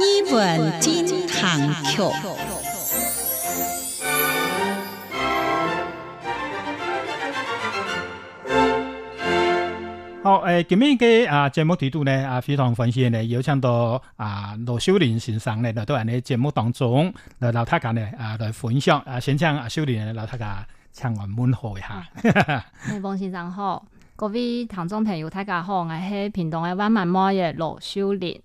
你問金堂橋？ 好，誒，今日嘅啊節目提督咧啊，非常歡喜咧，有請到啊羅秀玲先生咧，都係咧節目當中，來老太家咧啊來分享啊，先請啊秀玲老太家請我問候一下。王先生好，各位聽眾朋友大家好，我係平潭嘅灣蠻媽嘅羅秀玲。 lyrics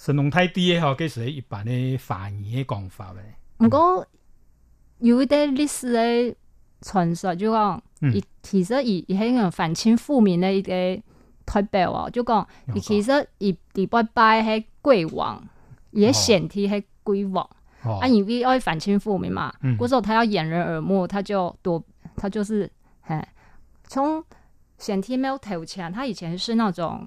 神龍太低耶吼，其實一般咧，華語嘅講法咧。唔過，有一啲歷史咧，傳說就講，嗯，其實以以香港反清復明的一個代表哦，就講，嗯，其實以李伯伯喺桂王，也險提喺桂王。啊，因為要反清復明嘛，嗯，故此他要掩人耳目，他就躲，他就是，哎，從險提沒有頭前，他以前是那種。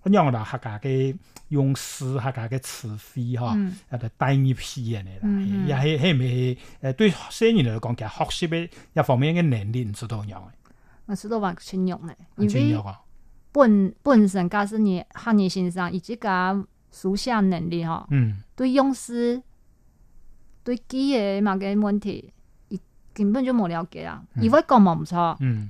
我讓我哋客家嘅用詞、客家嘅詞彙，嗬，嚟定義詩人嚟啦，亦係係咪？誒，對學生嚟講，其實學習嘅一方面嘅能力唔係咁樣嘅，唔係咁樣嘅，因為本本身教上你行業先生以及個書寫能力，嗬，嗯，對用詞、對字嘅嘛個問題，根本就冇了解啊，而佢講冇唔錯，嗯。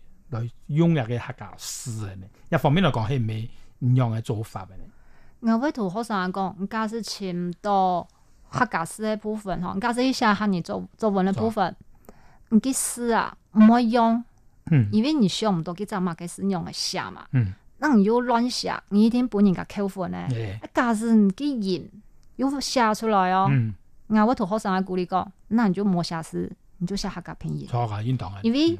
來用入嘅客家斯，係一方面來講係唔係唔用嘅做法咪？我喺同學生講，你假設簽到客家斯的部分，嗬，你假設寫下你作作文的部分，你給詩啊唔好用，因為你想唔到，佢就冇嘅詩用嚟寫嘛，那你又亂寫，你一定本人嘅扣分咧，假設你給言又寫出來哦，我喺同學生喺嗰度講，那你就冇寫詩，你就寫客家拼音，因為。